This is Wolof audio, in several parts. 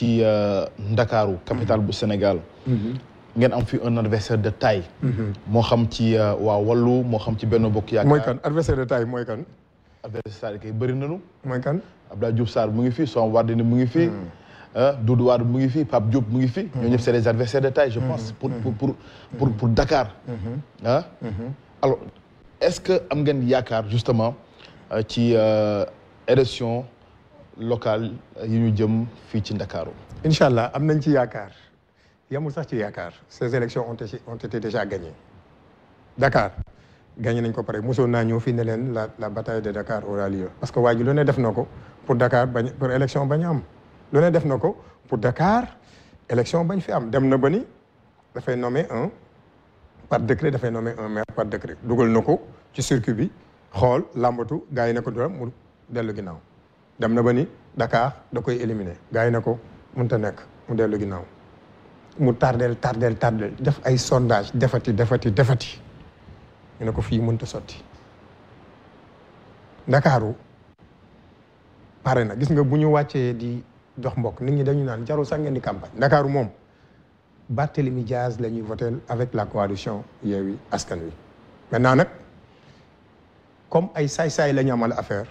ci euh, Ndakaaru capitale du Sénégal mhm. ngeen am fi un adversaire de taille mhm. moo xam ci euh, waa Wallu moo xam ci Benno Bokk Yaakaar mooy adversaire de taille mooy kan adversaire kay bëri nanu mooy kan Abdoulaye Diouf Sarr mu ngi fi Soham Wardini mu ngi fi mhm. euh, Doudou Wade mu ngi fi Pape Diop mu ngi fi ñoo c'est les adversaires de taille je pense pour pour pour pour Dakar ah alors est-ce que am ngeen yaakaar justement ci élection local yi ñu jëm fi ci Dakar. incha allah am nañ ci yaakaar yamul sax ci yaakaar ces élections ont été ont été déjà gagnées Dakar gagné nañ ko pare mosoon naa ñëw ne leen la bataille de Dakar aura lieu parce que waa ji lu ne def na pour Dakar pour élection bañ am lu ne def na pour Dakar élection bañ fi am dem na ba ni dafay nommer un par décret dafay nommer un maire par décret dugal na ko ci circuit bi xool làmbatu gars yi ne ko doram mu dellu ginnaaw dem na ba ni Dakar da koy éliminer gars yi ne ko mu delu ginaaw mu tardel tardel tardel def ay sondage defati defati defati ñu ne ko fii mënta sotti ndakaaru na gis nga buñu ñu di dox mbok nit ñi dañu naan jaru sax ngeen di campagne ndakaaru mom Barthélemy Diaz la ñuy voté avec la coalition Yewwi Askan Wi maintenant nag comme ay saay-saay la ñu amal affaire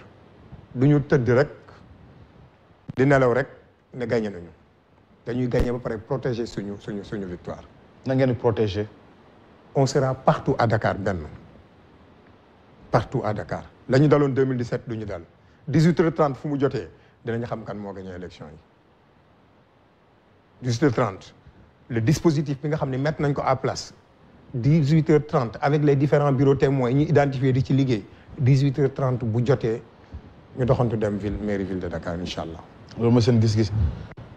nous sommes directs, rek di nelaw rek ne gagné nañu dañuy gagné ba protéger suñu suñu suñu victoire. na ngeen protéger. on sera partout à Dakar partout à Dakar lañu dans 2017 duñu dal 18h30 nous mu dinañ xam kan gagné élection 18h30 le dispositif bi nga avons met à place 18h30 avec les différents bureaux témoins ñi identifier di ci 18h30 bu gagné, ñu doxantu dem ville mairie ville de Dakar incha allah. loolu mooy seen gis-gis.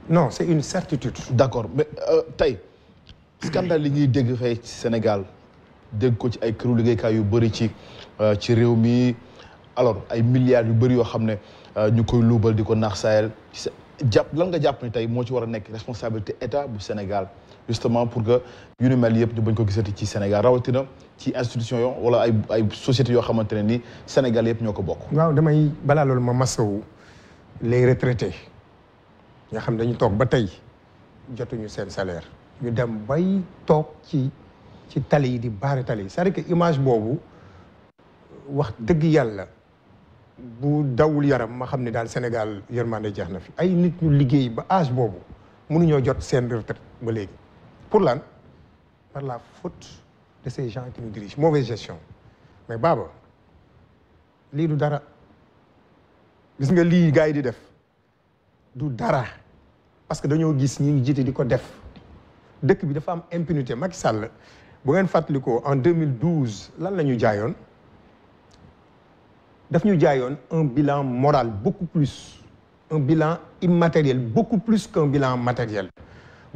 non c'est une certitude. d'accord mais euh, tey scandale li ñuy dégg fay ci Sénégal dégg ko ci ay këru liggéeykaay yu bëri ci euh, ci réew mi alors ay milliards yu bëri yoo xam ne euh, ñu koy luubal di ko naax saayal jàpp lan nga jàpp ni tey moo ci war a nekk responsabilité état bu Sénégal. justement pour que yu ni mel yëpp ñu bañ ko gisati ci Sénégal rawatina ci institution yo wala ay ay sociétés yoo xamante ne ni Sénégal yëpp ñoo ko bokk. waaw damay balaa loolu ma masawu les retraités nga xam dañu toog ba tey jotuñu seen salaire. ñu dem bay toog ci ci tali yi di baare tali yi c'est-à-dire que image boobu wax dëgg yàlla. bu dawul yaram ma xam ne daal Sénégal yërmande jeex na fi ay nit ñu liggéey ba âge boobu mënuñoo jot seen retraite ba léegi pour lan par la faute de ces gens qui nous dirigent mauvaise gestion mais Baba ce du dara gis nga lii que di def du dara parce que nous sommes ñi ngi jiite di ko def dëkk bi impunité Macky Sall en 2012 lan avons fait daf ñu un bilan moral beaucoup plus un bilan immatériel beaucoup plus qu'un bilan matériel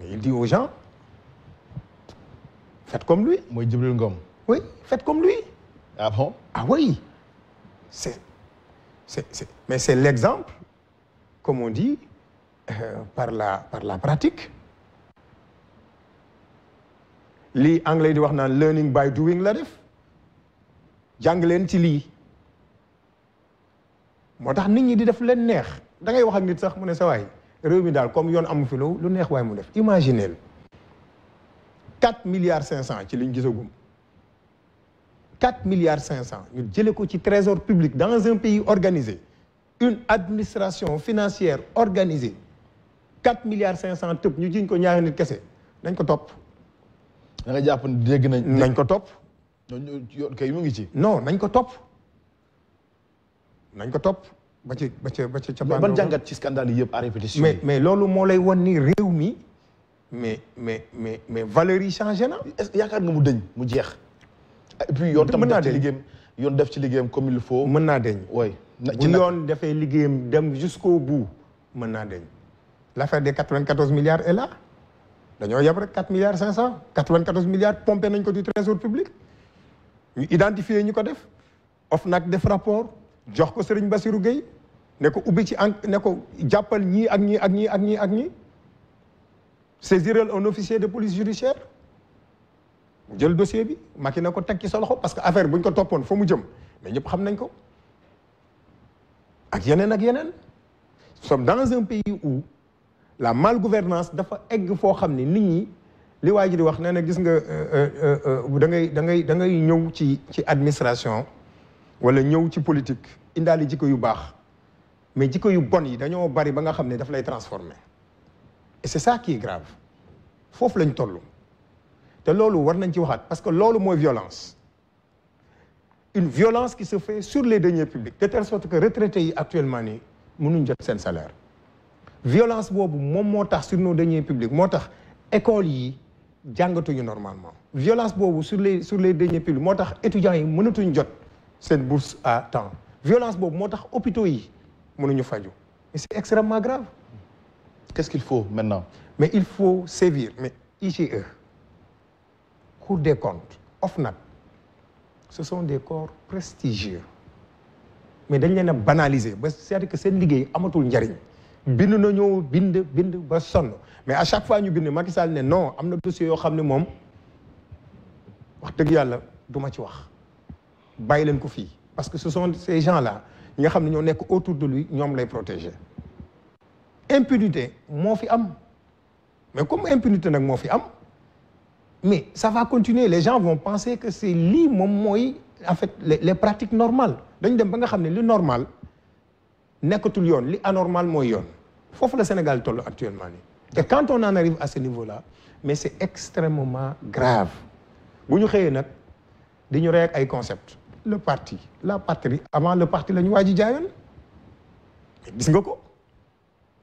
Mais il dit aux gens, faites comme lui. Moi, Djibril Ngom. Oui, faites comme lui. Ah bon Ah oui. C'est, mais c'est l'exemple, comme on dit, euh, par, la, par la pratique. Les anglais di wax learning by doing la def jàng leen ci lii moo tax nit ñi di def leen neex da ngay wax nit sax mu réwmi dal comme yone amu fi lu neex way mu def imaginez 4 milliards 500 ci liñu gissagum 4 milliards 500 ñu jëlé ko ci trésor public dans un pays organisé une administration financière organisée 4 milliards 500 tepp ñu jinn ko ñaar nit kessé dañ ko top da nga japp dégg nañ ko top non kay mu ngi ci non nañ ko top nañ ko top ba ci ba ci ba ci cappaandaw ban jàngat ci scandale yëpp à répétition. mais mais loolu moo lay wan ni réew mi mais mais mais mais valeurs yi changé na. yaakaar nga mu deñ mu jeex. et puis yoon tam def ci yoon def ci liggéeyam comme il faut. mën naa deñ oui bu yoon defee liggéeyam dem jusqu'au bout mën naa deñ l'affaire des 94 milliards est là dañoo yab rek 4 milliards 500 94 milliards pompé nañ ko du trésor public ñu identifier ñu ko def nag def rapport. jox ko serigne Bassirou Gueye ne ko ubbi ci ne ko jappal ñi ak ñi ak ñi ak ñi ak ñi saisir un officier de police judiciaire jël dossier bi maki na ko teg ci sa loxo parce que affaire buñ ko toppoon fa mu jëm mais ñep xam nañ ko ak yenen ak yenen sommes dans un pays où la malgouvernance dafa egg fo xamni nit ñi li waji di wax nee na gis nga euh, euh, euh, da ngay da ngay da ngay ñew ci ci administration wala ñëw ci politique indali jikko yu bax mais jikko yu bon yi dañoo bari ba nga xamné daf lay transformer et c'est ça qui est grave foofu lañ toll te lolu war nañ ci waxat parce que lolu moy violence une violence qui se fait sur les deniers publics de telle sorte que retraités yi actuellement ni mënuñ jot sen salaire violence bobu mom moo tax sur nos deniers publics moo tax écoles yi jangatuñu normalement violence bobu sur les sur les deniers publics moo tax étudiants yi mënatuñ jot une bourse à temps violence bob, moo tax hôpitaux yi mënuñu et c'est extrêmement grave qu'est-ce qu'il faut maintenant mais il faut sévir mais IGE Cour des comptes OFNAC ce sont des corps prestigieux mais ils sont banalisés. c'est-à-dire que seen liggéey amatul njariñ bind nañoo bind bind ba sonn mais à chaque fois ñu bind Macky Sall ne non amna dossier yo xamné mom moom wax dëgg yàlla ci wax Laissez-le parce que ce sont ces gens là qui nga autour de lui ñoom les protéger impunité c'est am mais comme impunité c'est am mais ça va continuer les gens vont penser que c'est les moom mooy en fait les, les pratiques normales dañ dem ba nga normal, ne li normal nekkatul yoon li anormal Il faut que le Sénégal toll actuellement et quand on en arrive à ce niveau là mais c'est extrêmement grave bu on a nag on concepts le parti la patrie avant le parti le ñu waa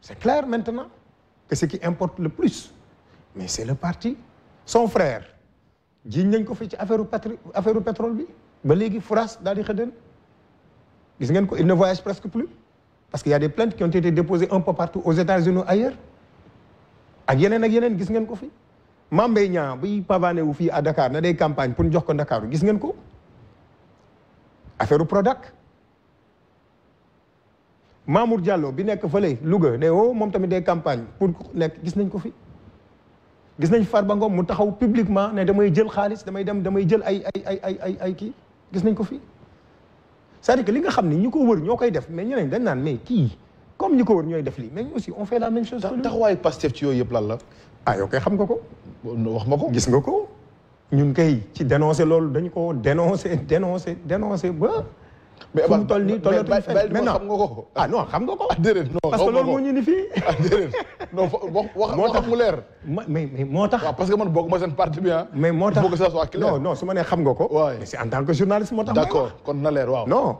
c'est clair maintenant que ce qui importe le plus mais c'est le parti son frère il a ko affaire pétrole il ne voyage presque plus parce qu'il y a des plaintes qui ont été déposées un peu partout aux États-Unis ailleurs ak y ak des gis qui ko fi Mame à Dakar na des Dakar. pour y jox ko Dakar gis ngeen ko affaire Prodac Mamour Diallo bi nekk fële Louga day woo oh, moom tamit day campagne pour nekk gis nañ ko fi gis nañ Farba Ngom mu taxaw publiquement ne damay jël xaalis damay dem damay jël ay ay ay ay ay ay kii gis nañ ko fi c'est-à-dire li nga xam ni ñu ko wër ñoo koy def mais ñeneen dañ naan mais kii comme ñi ko wër ñooy def lii mais aussi on fait la même chose. taxawaayu yooyu yëpp lan la. ah yow kay xam nga ko. wax ma ko gis nga ko. ñun kay ci dénoncé loolu dañu ko dénoncé dénoncé dénoncé ba. mais fu mu toll nii tollatuñu fenn mais xam nga ko. ah non xam nga ko. Ah, déedéet non parce que loolu moo ñu ni ah, leer. mais mais moo tax. waaw parce que ah. su ma nee xam nga ko. waay mais c'est en tant que journaliste moo tax. d'accord kon na leer waaw no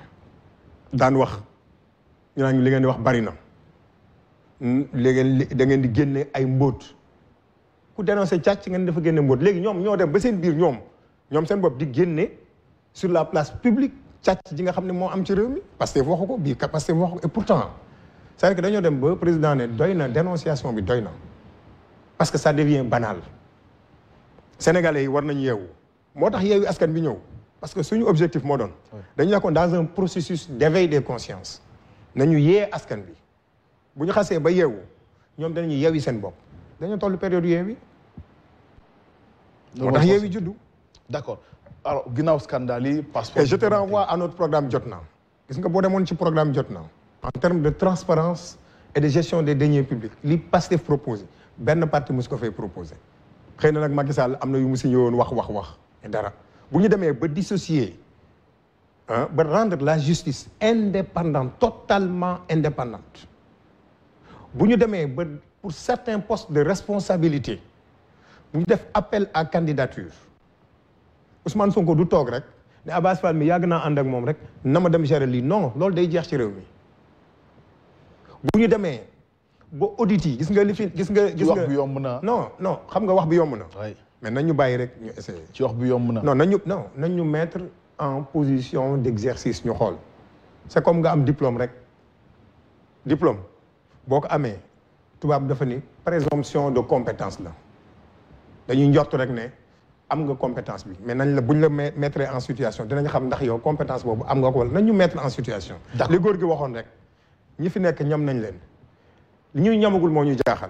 daan wax ñu naan li ngeen di wax bari na léegi da ngeen di génne ay mbóot ku dénoncé càcc ngeen dafa génne mbóot léegi ñoom ñoo dem ba seen biir ñoom ñoom seen bopp di génne sur la place publique càcc ji nga xam ne moo am ci réew mi que waxu ko bii Pastef waxu et pourtant cest vrai que dañoo dem ba président ne doy na dénonciation bi doy na parce que ça devient banal sénégalais yi war nañu yeewu moo tax yeewu askan bi ñëw parce que un objectif moderne, dans un processus d'éveil des consciences nañu Nous askan bi Nous sommes ba Nous sommes nous période sommes d'accord alors scandale passeport je te renvoie à notre programme Jotna programme Jotna en termes de transparence et de gestion des deniers publics li Pastef proposé partie proposé Macky yu vous dissocier hein, rendre la justice indépendante totalement indépendante Vous vous pour certains postes de responsabilité vous devez appel à candidature Ousmane Sonko du rek ne Abass Fall mi ak mom rek dem gérer non lolou day jeex ci dit mi bu audit yi gis nga gis nga. gis nga wax non non xam nga wax mais nañu bàyyi rek ñu essayer. ci wax bu yomb na. non nañu non nañu mettre en position d'exercice ñu xol. c'est comme nga am diplôme rek diplôme boko amé tubab dafa ni présomption de compétence la Dañu ñort rek né am nga compétence bi mais nañ la buñ la mettre en situation dinañ xam ndax yow compétence bobu am nga ko wala nañu mettre en situation. li gor gui waxon rek ñi fi nek ñam nañ leen li ñuy ñamagul mo ñu jaaxal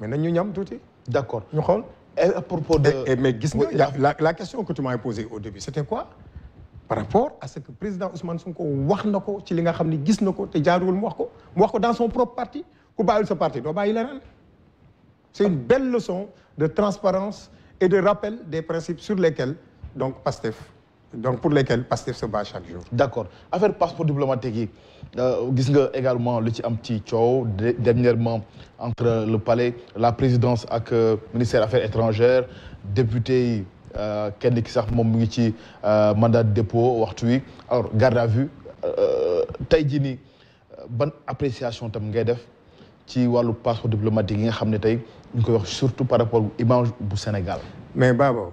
mais nañu ñam tuuti. d'accord ñu xol à propos de... mais la, question que tu m'as posée au début c'était quoi par rapport à ce que le président Ousmane Sonko wax ko ci li nga xam ko ko dans son propre parti ou pas son parti il bàyyi c'est une belle leçon de transparence et de rappel des principes sur lesquels donc Pastef donc pour lesquels Pastef se bat chaque jour. D'accord. affaire passeport diplomatique vous euh, gis également le petit am dernièrement entre le palais la présidence le euh, ministère des affaires étrangères député Kendi euh, kenn qui mandat de dépôt alors garde à vue Taïdini, bonne ban appréciation tam ngay def ci passeport diplomatique surtout par rapport image bu Sénégal. mais bon,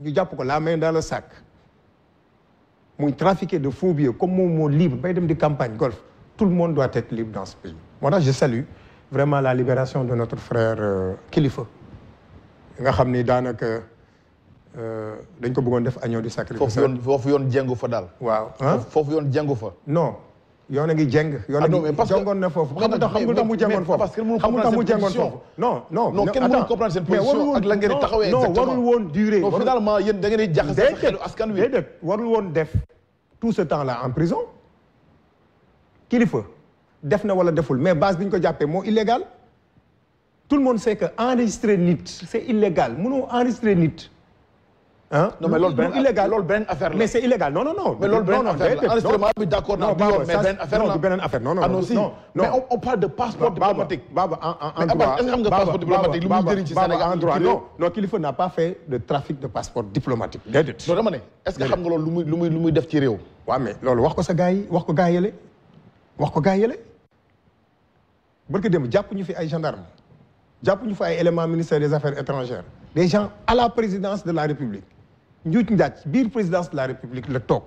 ñu jàpp ko la main dans le sac Mon trafiqué de faux billets comme mon libre bay dem di campagne golf tout le monde doit être libre dans ce pays Moi, je salue vraiment la libération de notre frère euh, Kilifeu nga xam ni daanaka euh, dañ ko bëggoon def agneau du sacrifice foofu yoon foofu yoon jàngu fa Hein? fa non yoon a ngi jeng yoon a ah ngi jengoon na foofu xam nga xam nga mu parce que xam nga mu non non non kenn comprendre sen position ak la ngeen non non warul won durer non finalement yeen da ngeen di xelu askan wi warul def tout ce temps là en prison kilifa def na wala deful mais base biñ ko jappé illégal tout le monde sait que enregistrer nit c'est illégal mënoo enregistrer nit Hein non mais l'Olben. benn illégal loolu affaire là. mais c'est illégal non non non. mais l'Olben benn affaire la enregistrement bi d'accord non mais benn affaire là. non benn affaire non non ah, non non mais on parle de passeport diplomatique. Baba en en droit est-ce que xam nga passeport diplomatique lu muy jëriñ ci Sénégal en droit non non Kilifeu n'a pas fait de trafic de passeport diplomatique déedéet. non dama ne est-ce que xam nga loolu lu muy lu muy def ci réew. waaw mais loolu wax ko sa gars yi wax ko gars yële wax ko gars yële barke dem jàpp ñu fi ay gendarme jàpp ñu fi ay éléments ministère des affaires étrangères des gens à la présidence de la République Newton Diack biir présidence de la république la toog